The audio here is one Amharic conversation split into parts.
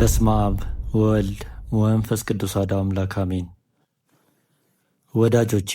በስመ አብ ወወልድ ወመንፈስ ቅዱስ አሐዱ አምላክ አሜን። ወዳጆቼ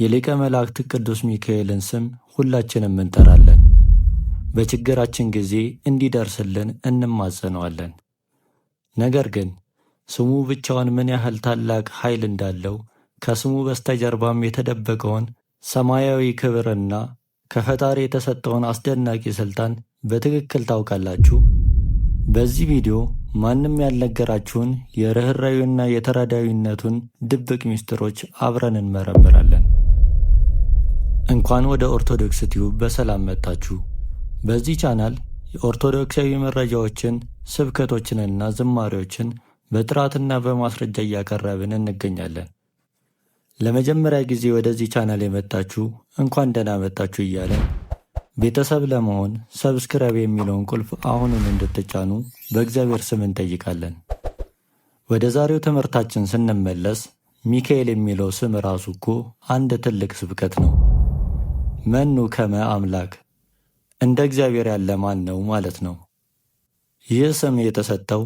የሊቀ መላእክት ቅዱስ ሚካኤልን ስም ሁላችንም እንጠራለን። በችግራችን ጊዜ እንዲደርስልን እንማጸነዋለን። ነገር ግን ስሙ ብቻውን ምን ያህል ታላቅ ኃይል እንዳለው ከስሙ በስተጀርባም የተደበቀውን ሰማያዊ ክብርና ከፈጣሪ የተሰጠውን አስደናቂ ሥልጣን በትክክል ታውቃላችሁ? በዚህ ቪዲዮ ማንም ያልነገራችሁን የርኅራኄውና የተራዳዊነቱን ድብቅ ምስጢሮች አብረን እንመረምራለን። እንኳን ወደ ኦርቶዶክስ ቲዩብ በሰላም መጣችሁ። በዚህ ቻናል የኦርቶዶክሳዊ መረጃዎችን፣ ስብከቶችንና ዝማሬዎችን በጥራትና በማስረጃ እያቀረብን እንገኛለን። ለመጀመሪያ ጊዜ ወደዚህ ቻናል የመጣችሁ እንኳን ደህና መጣችሁ እያለን ቤተሰብ ለመሆን ሰብስክራይብ የሚለውን ቁልፍ አሁኑን እንድትጫኑ በእግዚአብሔር ስም እንጠይቃለን። ወደ ዛሬው ትምህርታችን ስንመለስ ሚካኤል የሚለው ስም ራሱ እኮ አንድ ትልቅ ስብከት ነው። መኑ ከመ አምላክ እንደ እግዚአብሔር ያለ ማን ነው ማለት ነው። ይህ ስም የተሰጠው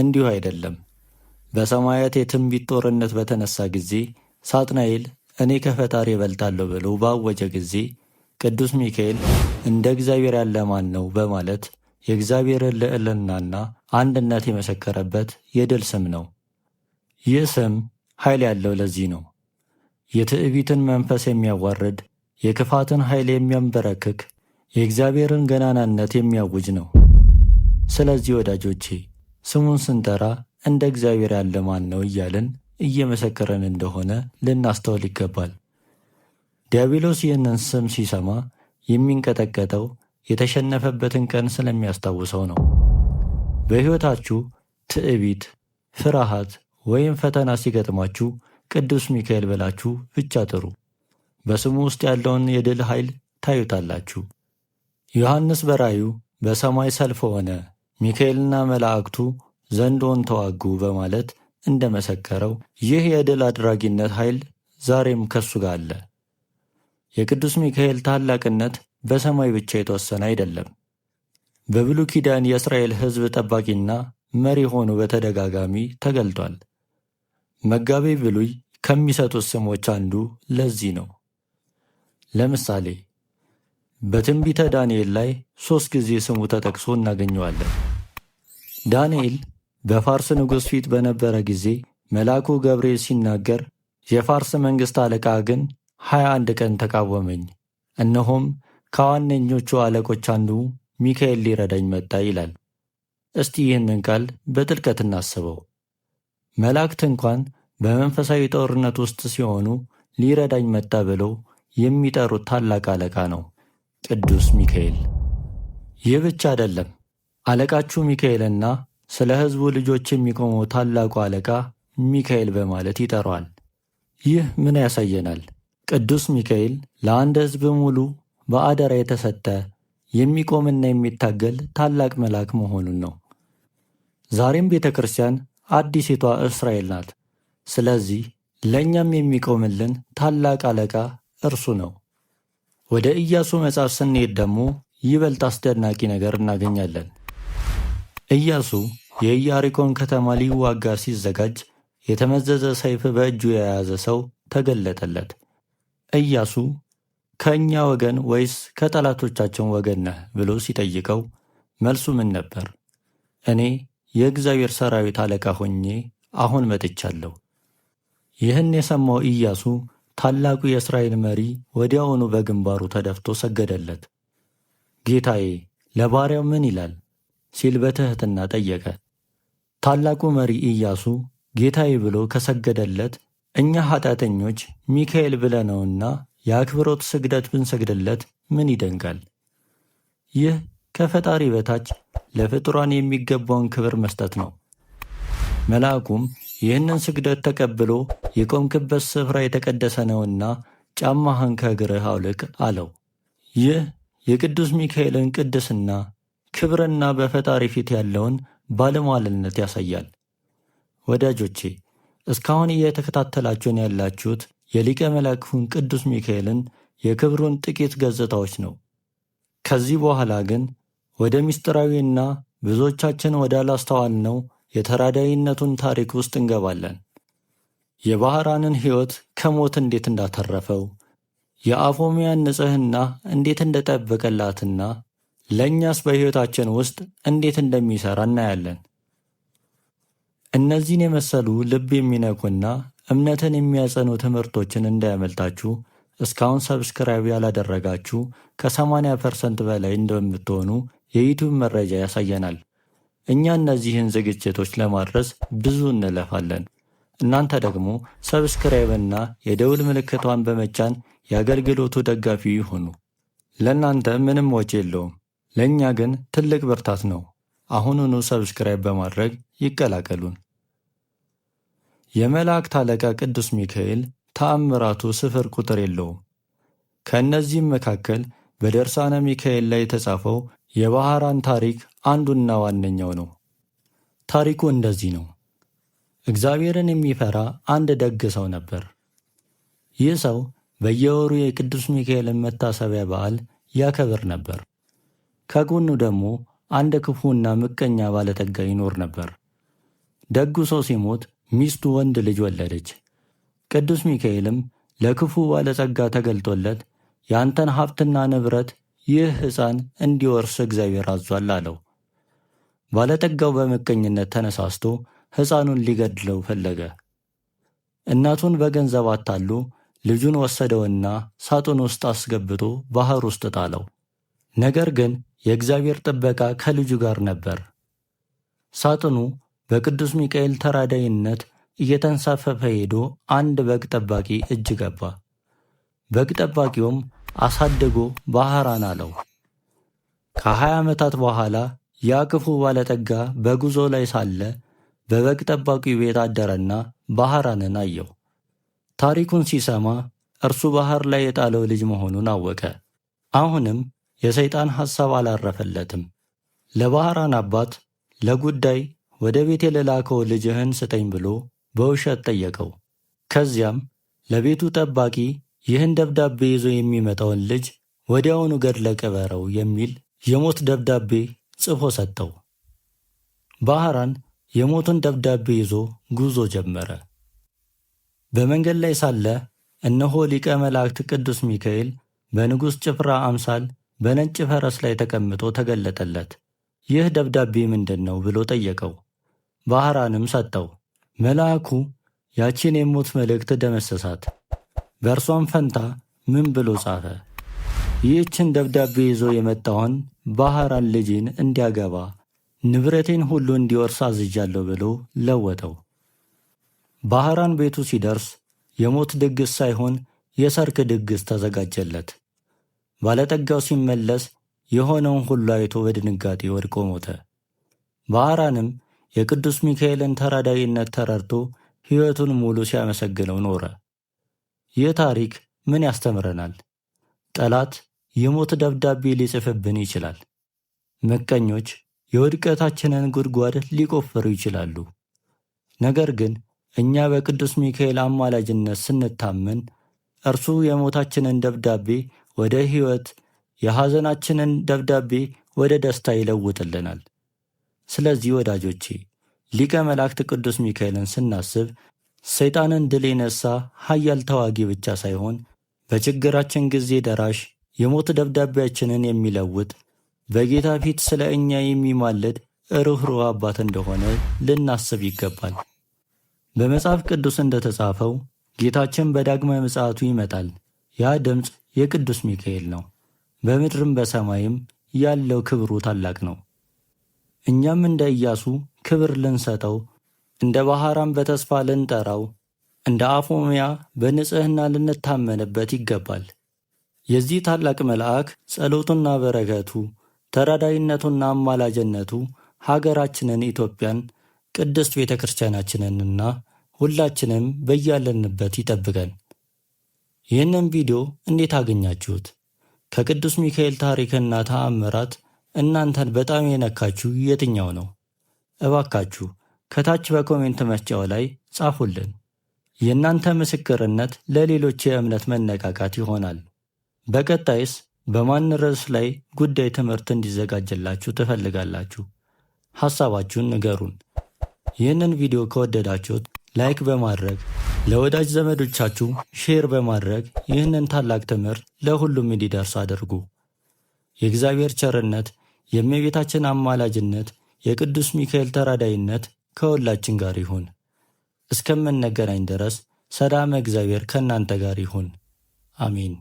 እንዲሁ አይደለም። በሰማያት የትንቢት ጦርነት በተነሳ ጊዜ ሳጥናኤል እኔ ከፈጣሪ እበልጣለሁ ብሎ ባወጀ ጊዜ ቅዱስ ሚካኤል እንደ እግዚአብሔር ያለ ማን ነው በማለት የእግዚአብሔርን ልዕልናና አንድነት የመሰከረበት የድል ስም ነው። ይህ ስም ኃይል ያለው ለዚህ ነው። የትዕቢትን መንፈስ የሚያዋርድ፣ የክፋትን ኃይል የሚያንበረክክ፣ የእግዚአብሔርን ገናናነት የሚያውጅ ነው። ስለዚህ ወዳጆቼ ስሙን ስንጠራ እንደ እግዚአብሔር ያለ ማን ነው እያልን እየመሰከረን እንደሆነ ልናስተውል ይገባል። ዲያብሎስ ይህንን ስም ሲሰማ የሚንቀጠቀጠው የተሸነፈበትን ቀን ስለሚያስታውሰው ነው። በሕይወታችሁ ትዕቢት፣ ፍርሃት ወይም ፈተና ሲገጥማችሁ ቅዱስ ሚካኤል ብላችሁ ብቻ ጥሩ። በስሙ ውስጥ ያለውን የድል ኃይል ታዩታላችሁ። ዮሐንስ በራዩ በሰማይ ሰልፍ ሆነ፣ ሚካኤልና መላእክቱ ዘንዶን ተዋጉ በማለት እንደመሰከረው ይህ የድል አድራጊነት ኃይል ዛሬም ከሱ ጋር አለ። የቅዱስ ሚካኤል ታላቅነት በሰማይ ብቻ የተወሰነ አይደለም። በብሉይ ኪዳን የእስራኤል ሕዝብ ጠባቂና መሪ ሆኖ በተደጋጋሚ ተገልጧል። መጋቤ ብሉይ ከሚሰጡት ስሞች አንዱ ለዚህ ነው። ለምሳሌ በትንቢተ ዳንኤል ላይ ሦስት ጊዜ ስሙ ተጠቅሶ እናገኘዋለን። ዳንኤል በፋርስ ንጉሥ ፊት በነበረ ጊዜ መልአኩ ገብርኤል ሲናገር፣ የፋርስ መንግሥት አለቃ ግን ሀያ አንድ ቀን ተቃወመኝ። እነሆም ከዋነኞቹ አለቆች አንዱ ሚካኤል ሊረዳኝ መጣ ይላል። እስቲ ይህንን ቃል በጥልቀት እናስበው። መላእክት እንኳን በመንፈሳዊ ጦርነት ውስጥ ሲሆኑ ሊረዳኝ መጣ ብለው የሚጠሩት ታላቅ አለቃ ነው፣ ቅዱስ ሚካኤል። ይህ ብቻ አይደለም። አለቃችሁ ሚካኤልና ስለ ሕዝቡ ልጆች የሚቆመው ታላቁ አለቃ ሚካኤል በማለት ይጠራዋል። ይህ ምን ያሳየናል? ቅዱስ ሚካኤል ለአንድ ሕዝብ ሙሉ በአደራ የተሰጠ የሚቆምና የሚታገል ታላቅ መልአክ መሆኑን ነው። ዛሬም ቤተ ክርስቲያን አዲሲቷ እስራኤል ናት። ስለዚህ ለእኛም የሚቆምልን ታላቅ አለቃ እርሱ ነው። ወደ ኢያሱ መጽሐፍ ስንሄድ ደግሞ ይበልጥ አስደናቂ ነገር እናገኛለን። ኢያሱ የኢያሪኮን ከተማ ሊዋጋ ሲዘጋጅ የተመዘዘ ሰይፍ በእጁ የያዘ ሰው ተገለጠለት። ኢያሱ ከእኛ ወገን ወይስ ከጠላቶቻችን ወገን ነህ ብሎ ሲጠይቀው መልሱ ምን ነበር? እኔ የእግዚአብሔር ሰራዊት አለቃ ሆኜ አሁን መጥቻለሁ። ይህን የሰማው ኢያሱ ታላቁ የእስራኤል መሪ ወዲያውኑ በግንባሩ ተደፍቶ ሰገደለት። ጌታዬ ለባሪያው ምን ይላል ሲል በትሕትና ጠየቀ። ታላቁ መሪ ኢያሱ ጌታዬ ብሎ ከሰገደለት እኛ ኃጢአተኞች ሚካኤል ብለነውና የአክብሮት ስግደት ብንሰግድለት ምን ይደንቃል? ይህ ከፈጣሪ በታች ለፍጡራን የሚገባውን ክብር መስጠት ነው። መልአኩም ይህንን ስግደት ተቀብሎ የቆምክበት ስፍራ የተቀደሰ ነውና ጫማህን ከእግርህ አውልቅ አለው። ይህ የቅዱስ ሚካኤልን ቅድስና ክብርና በፈጣሪ ፊት ያለውን ባለሟልነት ያሳያል። ወዳጆቼ እስካሁን እየተከታተላችሁን ያላችሁት የሊቀ መላእክቱን ቅዱስ ሚካኤልን የክብሩን ጥቂት ገጽታዎች ነው። ከዚህ በኋላ ግን ወደ ምስጢራዊና ብዙዎቻችን ወዳላስተዋልነው የተራዳይነቱን ታሪክ ውስጥ እንገባለን። የባህራንን ሕይወት ከሞት እንዴት እንዳተረፈው፣ የአፎሚያን ንጽሕና እንዴት እንደጠበቀላትና ለእኛስ በሕይወታችን ውስጥ እንዴት እንደሚሠራ እናያለን። እነዚህን የመሰሉ ልብ የሚነኩና እምነትን የሚያጸኑ ትምህርቶችን እንዳያመልጣችሁ እስካሁን ሰብስክራይብ ያላደረጋችሁ ከ80 ፐርሰንት በላይ እንደምትሆኑ የዩቲዩብ መረጃ ያሳየናል። እኛ እነዚህን ዝግጅቶች ለማድረስ ብዙ እንለፋለን። እናንተ ደግሞ ሰብስክራይብና የደውል ምልክቷን በመጫን የአገልግሎቱ ደጋፊ ይሁኑ። ለእናንተ ምንም ወጪ የለውም፣ ለእኛ ግን ትልቅ ብርታት ነው። አሁኑኑ ሰብስክራይብ በማድረግ ይቀላቀሉን። የመላእክት አለቃ ቅዱስ ሚካኤል ተአምራቱ ስፍር ቁጥር የለውም። ከእነዚህም መካከል በደርሳነ ሚካኤል ላይ የተጻፈው የባሕራን ታሪክ አንዱና ዋነኛው ነው። ታሪኩ እንደዚህ ነው። እግዚአብሔርን የሚፈራ አንድ ደግ ሰው ነበር። ይህ ሰው በየወሩ የቅዱስ ሚካኤልን መታሰቢያ በዓል ያከብር ነበር። ከጎኑ ደግሞ አንድ ክፉና ምቀኛ ባለጠጋ ይኖር ነበር። ደጉ ሰው ሲሞት ሚስቱ ወንድ ልጅ ወለደች። ቅዱስ ሚካኤልም ለክፉ ባለጸጋ ተገልጦለት ያንተን ሀብትና ንብረት ይህ ሕፃን እንዲወርስ እግዚአብሔር አዟል አለው። ባለጠጋው በምቀኝነት ተነሳስቶ ሕፃኑን ሊገድለው ፈለገ። እናቱን በገንዘብ አታሉ ልጁን ወሰደውና ሳጥን ውስጥ አስገብቶ ባሕር ውስጥ ጣለው። ነገር ግን የእግዚአብሔር ጥበቃ ከልጁ ጋር ነበር። ሳጥኑ በቅዱስ ሚካኤል ተራዳይነት እየተንሳፈፈ ሄዶ አንድ በግ ጠባቂ እጅ ገባ። በግ ጠባቂውም አሳድጎ ባህራን አለው። ከሀያ ዓመታት በኋላ ያ ክፉ ባለጠጋ በጉዞ ላይ ሳለ በበግ ጠባቂው ቤት አደረና ባህራንን አየው። ታሪኩን ሲሰማ እርሱ ባህር ላይ የጣለው ልጅ መሆኑን አወቀ። አሁንም የሰይጣን ሐሳብ አላረፈለትም። ለባሕራን አባት ለጉዳይ ወደ ቤቴ ለላከው ልጅህን ስጠኝ ብሎ በውሸት ጠየቀው። ከዚያም ለቤቱ ጠባቂ ይህን ደብዳቤ ይዞ የሚመጣውን ልጅ ወዲያውኑ ገድለ ቅበረው የሚል የሞት ደብዳቤ ጽፎ ሰጠው። ባሕራን የሞቱን ደብዳቤ ይዞ ጉዞ ጀመረ። በመንገድ ላይ ሳለ እነሆ ሊቀ መላእክት ቅዱስ ሚካኤል በንጉሥ ጭፍራ አምሳል በነጭ ፈረስ ላይ ተቀምጦ ተገለጠለት። ይህ ደብዳቤ ምንድን ነው ብሎ ጠየቀው። ባህራንም ሰጠው። መልአኩ ያቺን የሞት መልእክት ደመሰሳት። በእርሷም ፈንታ ምን ብሎ ጻፈ? ይህችን ደብዳቤ ይዞ የመጣውን ባህራን ልጅን እንዲያገባ ንብረቴን ሁሉ እንዲወርስ አዝጃለሁ ብሎ ለወጠው። ባህራን ቤቱ ሲደርስ የሞት ድግስ ሳይሆን የሰርክ ድግስ ተዘጋጀለት። ባለጠጋው ሲመለስ የሆነውን ሁሉ አይቶ በድንጋጤ ወድቆ ሞተ። ባህራንም የቅዱስ ሚካኤልን ተራዳኢነት ተረድቶ ሕይወቱን ሙሉ ሲያመሰግነው ኖረ። ይህ ታሪክ ምን ያስተምረናል? ጠላት የሞት ደብዳቤ ሊጽፍብን ይችላል። ምቀኞች የውድቀታችንን ጉድጓድ ሊቆፍሩ ይችላሉ። ነገር ግን እኛ በቅዱስ ሚካኤል አማላጅነት ስንታመን እርሱ የሞታችንን ደብዳቤ ወደ ሕይወት፣ የሐዘናችንን ደብዳቤ ወደ ደስታ ይለውጥልናል። ስለዚህ ወዳጆቼ ሊቀ መላእክት ቅዱስ ሚካኤልን ስናስብ ሰይጣንን ድል የነሳ ኃያል ተዋጊ ብቻ ሳይሆን በችግራችን ጊዜ ደራሽ፣ የሞት ደብዳቤያችንን የሚለውጥ፣ በጌታ ፊት ስለ እኛ የሚማልድ ርኅሩኅ አባት እንደሆነ ልናስብ ይገባል። በመጽሐፍ ቅዱስ እንደተጻፈው ጌታችን በዳግመ ምጽአቱ ይመጣል። ያ ድምፅ የቅዱስ ሚካኤል ነው። በምድርም በሰማይም ያለው ክብሩ ታላቅ ነው። እኛም እንደ ኢያሱ ክብር ልንሰጠው፣ እንደ ባሕራም በተስፋ ልንጠራው፣ እንደ አፎምያ በንጽሕና ልንታመንበት ይገባል። የዚህ ታላቅ መልአክ ጸሎቱና በረከቱ ተራዳይነቱና አማላጅነቱ ሀገራችንን ኢትዮጵያን ቅድስት ቤተ ክርስቲያናችንንና ሁላችንም በያለንበት ይጠብቀን። ይህንን ቪዲዮ እንዴት አገኛችሁት? ከቅዱስ ሚካኤል ታሪክና ተአምራት እናንተን በጣም የነካችሁ የትኛው ነው? እባካችሁ ከታች በኮሜንት መስጫው ላይ ጻፉልን። የእናንተ ምስክርነት ለሌሎች የእምነት መነቃቃት ይሆናል። በቀጣይስ በማን ርዕስ ላይ ጉዳይ ትምህርት እንዲዘጋጅላችሁ ትፈልጋላችሁ? ሐሳባችሁን ንገሩን። ይህንን ቪዲዮ ከወደዳችሁት ላይክ በማድረግ ለወዳጅ ዘመዶቻችሁ ሼር በማድረግ ይህንን ታላቅ ትምህርት ለሁሉም እንዲደርስ አድርጉ። የእግዚአብሔር ቸርነት፣ የእመቤታችን አማላጅነት፣ የቅዱስ ሚካኤል ተራዳይነት ከሁላችን ጋር ይሁን። እስከምንገናኝ ድረስ ሰላም እግዚአብሔር ከእናንተ ጋር ይሁን። አሜን።